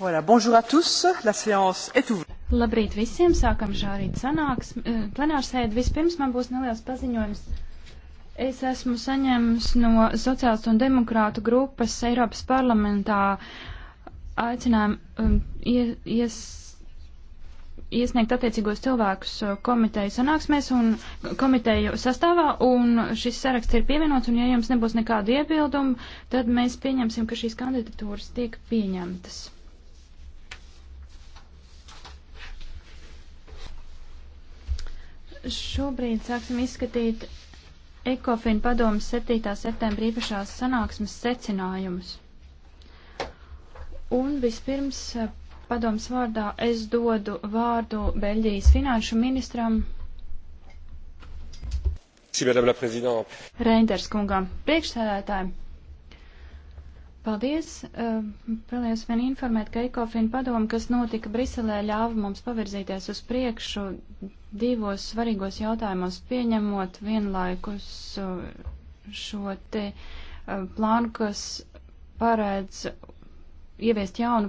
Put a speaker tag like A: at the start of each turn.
A: Voilà, bonjour à tous, la séance est ouverte.
B: Labrīt visiem, sākam šārīt sanāks. Eh, plenārsēdi vispirms man būs neliels paziņojums. Es esmu saņēmis no sociālistu un demokrātu grupas Eiropas parlamentā aicinājumu um, ies, iesniegt attiecīgos cilvēkus uh, komiteju sanāksmēs un komiteju sastāvā, un šis saraksts ir pievienots, un ja jums nebūs nekādu iebildumu, tad mēs pieņemsim, ka šīs kandidatūras tiek pieņemtas. Šobrīd sāksim izskatīt Ekofin padomas 7. septembra īpašās sanāksmes secinājumus. Un vispirms eh, padomas vārdā es dodu vārdu Beļģijas finanšu ministram Reinders kungam, priekšsēdētājiem. Paldies! Eh, vēlējos vien informēt, ka Ekofina padoma, kas notika Briselē, ļāva mums pavirzīties uz priekšu divos svarīgos jautājumos, pieņemot vienlaikus eh, šo te eh, plānu, kas paredz ieviest jaunu